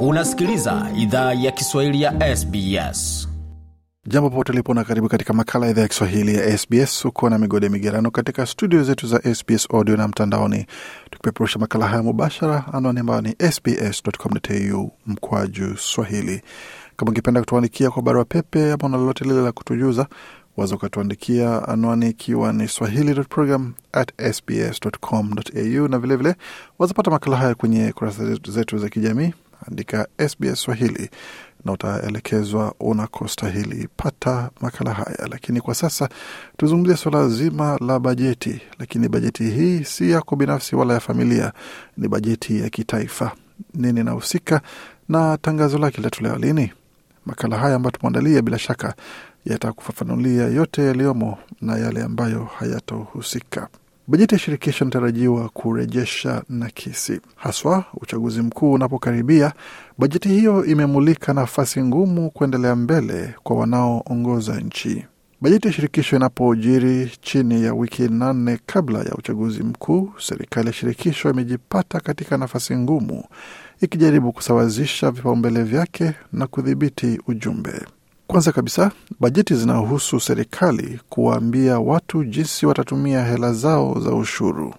Unasikiliza idhaa ya Kiswahili ya SBS. Jambo popote ulipo na karibu katika makala idhaa ya Kiswahili ya SBS. Uko na migode migerano katika studio zetu za SBS audio na mtandaoni, tukipeperusha makala haya mubashara, anwani ambayo ni sbs.com.au mkwaju swahili. Kama ungependa kutuandikia kwa barua pepe ama na lolote lile la kutujuza, waza ukatuandikia anwani ikiwa ni swahili.program@sbs.com.au, na vilevile wazapata makala haya kwenye kurasa zetu za kijamii andika SBS Swahili na utaelekezwa unakostahili pata makala haya. Lakini kwa sasa tuzungumzie suala zima la bajeti, lakini bajeti hii si yako binafsi wala ya familia, ni bajeti ya kitaifa. Nini inahusika na tangazo lake litatolewa lini? Makala haya ambayo tumeandalia bila shaka yatakufafanulia yote yaliyomo na yale ambayo hayatohusika. Bajeti ya shirikisho inatarajiwa kurejesha nakisi, haswa uchaguzi mkuu unapokaribia. Bajeti hiyo imemulika nafasi ngumu kuendelea mbele kwa wanaoongoza nchi. Bajeti ya shirikisho inapojiri chini ya wiki nane kabla ya uchaguzi mkuu, serikali ya shirikisho imejipata katika nafasi ngumu, ikijaribu kusawazisha vipaumbele vyake na kudhibiti ujumbe. Kwanza kabisa, bajeti zinahusu serikali kuwaambia watu jinsi watatumia hela zao za ushuru,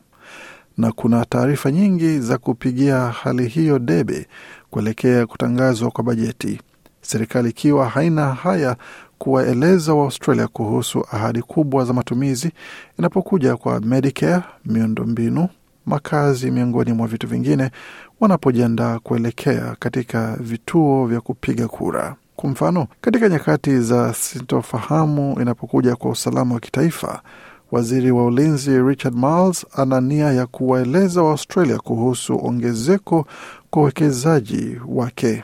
na kuna taarifa nyingi za kupigia hali hiyo debe kuelekea kutangazwa kwa bajeti, serikali ikiwa haina haya kuwaeleza Waaustralia kuhusu ahadi kubwa za matumizi inapokuja kwa Medicare, miundombinu, makazi, miongoni mwa vitu vingine, wanapojiandaa kuelekea katika vituo vya kupiga kura. Kwa mfano, katika nyakati za sintofahamu inapokuja kwa usalama wa kitaifa, waziri wa ulinzi Richard Marles ana nia ya kuwaeleza Waaustralia kuhusu ongezeko kwa uwekezaji wake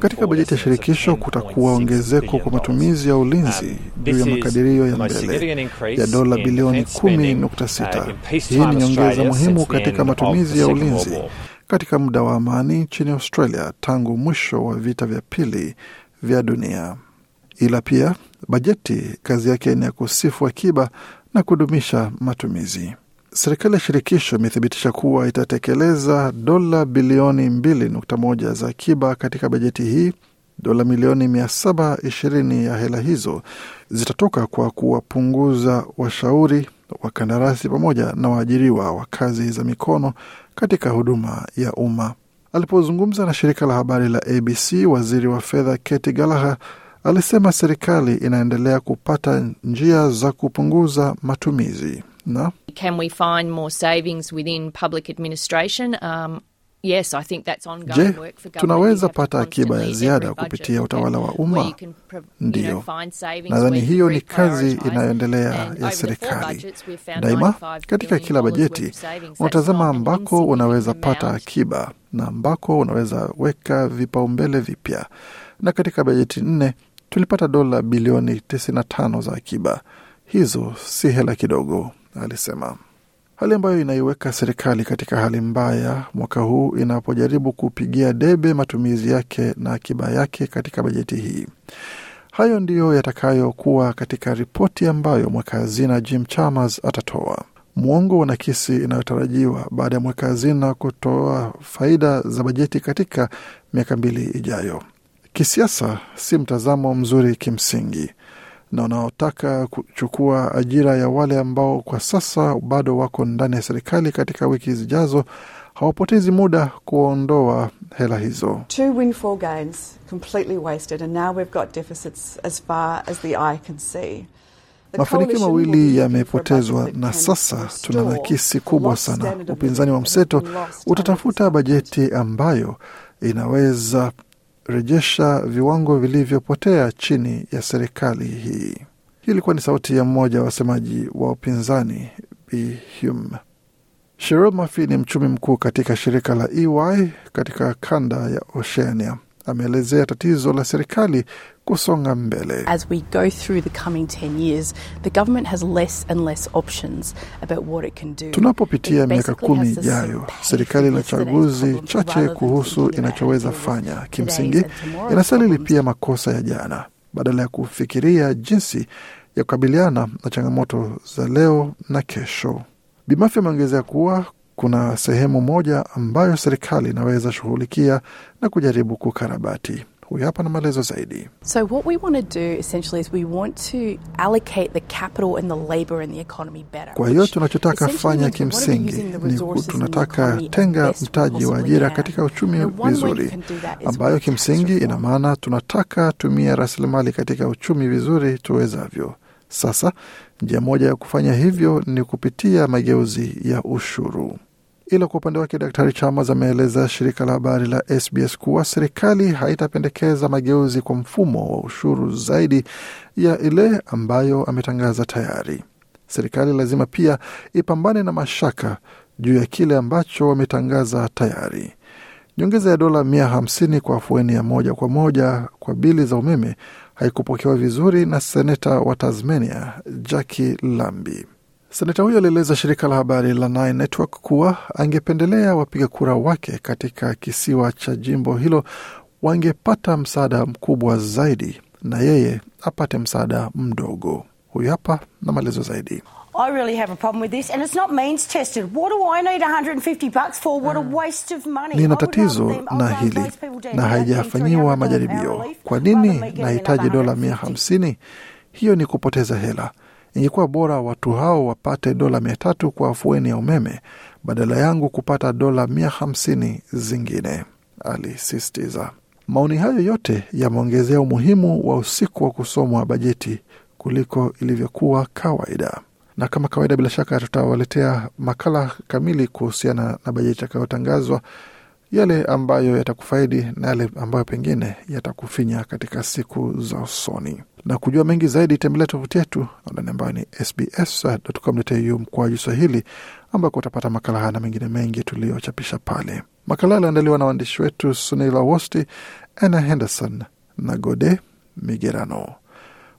katika bajeti ya shirikisho. Kutakuwa ongezeko kwa matumizi ya ulinzi um, juu ya makadirio ya mbele ya dola bilioni 10.6. Uh, Hii ni nyongeza muhimu katika matumizi ya ulinzi katika muda wa amani nchini Australia tangu mwisho wa vita vya pili vya dunia. Ila pia bajeti kazi yake ni ya kusifu akiba na kudumisha matumizi. Serikali ya shirikisho imethibitisha kuwa itatekeleza dola bilioni 2.1 za akiba katika bajeti hii. Dola milioni 720 ya hela hizo zitatoka kwa kuwapunguza washauri wakandarasi pamoja na waajiriwa wa kazi za mikono katika huduma ya umma. Alipozungumza na shirika la habari la ABC, waziri wa fedha kati Gallagher alisema serikali inaendelea kupata njia za kupunguza matumizi na Can we find more savings within public administration? Um, Yes, I think that's ongoing Je, work for tunaweza pata akiba ya ziada kupitia utawala wa umma? Ndiyo, nadhani hiyo ni kazi inayoendelea ya serikali. Daima katika kila bajeti unatazama ambako unaweza pata akiba na ambako unaweza weka vipaumbele vipya, na katika bajeti nne tulipata dola bilioni 95 za akiba. Hizo si hela kidogo, alisema hali ambayo inaiweka serikali katika hali mbaya mwaka huu inapojaribu kupigia debe matumizi yake na akiba yake katika bajeti hii. Hayo ndiyo yatakayokuwa katika ripoti ambayo mweka hazina Jim Chalmers atatoa. Mwongo wa nakisi inayotarajiwa baada ya mweka hazina kutoa faida za bajeti katika miaka mbili ijayo. Kisiasa si mtazamo mzuri kimsingi na wanaotaka kuchukua ajira ya wale ambao kwa sasa bado wako ndani ya serikali katika wiki zijazo hawapotezi muda kuondoa hela hizo. Two completely wasted and now we've got deficits as far as the eye can see. Mafanikio mawili yamepotezwa na sasa tuna nakisi kubwa sana. Upinzani wa mseto utatafuta bajeti ambayo inaweza kurejesha viwango vilivyopotea chini ya serikali hii. Hii ilikuwa ni sauti ya mmoja wa wasemaji wa upinzani Bi Hume. Cheryl Murphy ni mchumi mkuu katika shirika la EY katika kanda ya Oceania ameelezea tatizo la serikali kusonga mbele. As we go through the coming 10 years, the government has less and less options about what it can do. Tunapopitia miaka kumi ijayo, serikali ina chaguzi chache kuhusu inachoweza fanya. Kimsingi, inasali lipia makosa ya jana badala ya kufikiria jinsi ya kukabiliana na changamoto za leo na kesho. Bimafya ameongezea kuwa kuna sehemu moja ambayo serikali inaweza shughulikia na kujaribu kukarabati. Huyu hapa na maelezo zaidi. So what we want to do essentially is we want to allocate the capital and the labor and the economy better. Kwa hiyo tunachotaka fanya kimsingi ni tunataka tenga mtaji wa ajira katika uchumi vizuri, ambayo kimsingi ina maana tunataka tumia rasilimali katika uchumi vizuri tuwezavyo. Sasa njia moja ya kufanya hivyo ni kupitia mageuzi ya ushuru. Ila kwa upande wake, Daktari Chambers ameeleza shirika la habari la SBS kuwa serikali haitapendekeza mageuzi kwa mfumo wa ushuru zaidi ya ile ambayo ametangaza tayari. Serikali lazima pia ipambane na mashaka juu ya kile ambacho wametangaza tayari. Nyongeza ya dola mia hamsini kwa afueni ya moja kwa moja kwa bili za umeme haikupokewa vizuri na seneta wa Tasmania Jackie lambi Seneta huyo alieleza shirika la habari la Nine Network kuwa angependelea wapiga kura wake katika kisiwa cha jimbo hilo wangepata msaada mkubwa zaidi na yeye apate msaada mdogo. Huyu hapa na maelezo zaidi. I really have a problem with this and it's not means tested. What do I need 150 bucks for? What a mm. waste of money. Nina tatizo na hili na haijafanyiwa majaribio. Kwa nini nahitaji dola 150? Hiyo ni kupoteza hela. Ingekuwa bora watu hao wapate dola 300 kwa afueni ya umeme badala yangu kupata dola 150 zingine, alisisitiza. Maoni hayo yote yameongezea umuhimu wa usiku wa kusomwa bajeti kuliko ilivyokuwa kawaida na kama kawaida, bila shaka tutawaletea makala kamili kuhusiana na bajeti yakayotangazwa yale ambayo yatakufaidi na yale ambayo pengine yatakufinya katika siku za usoni. Na kujua mengi zaidi, tembelea tovuti yetu anwani ambayo ni sbs.com.au mkwaju Swahili, ambako utapata makala haya na mengine mengi tuliyochapisha pale. Makala yaliandaliwa na waandishi wetu Sunila Wosti, Anna Henderson na Gode Migerano.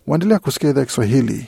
Waendelea kusikia idhaa Kiswahili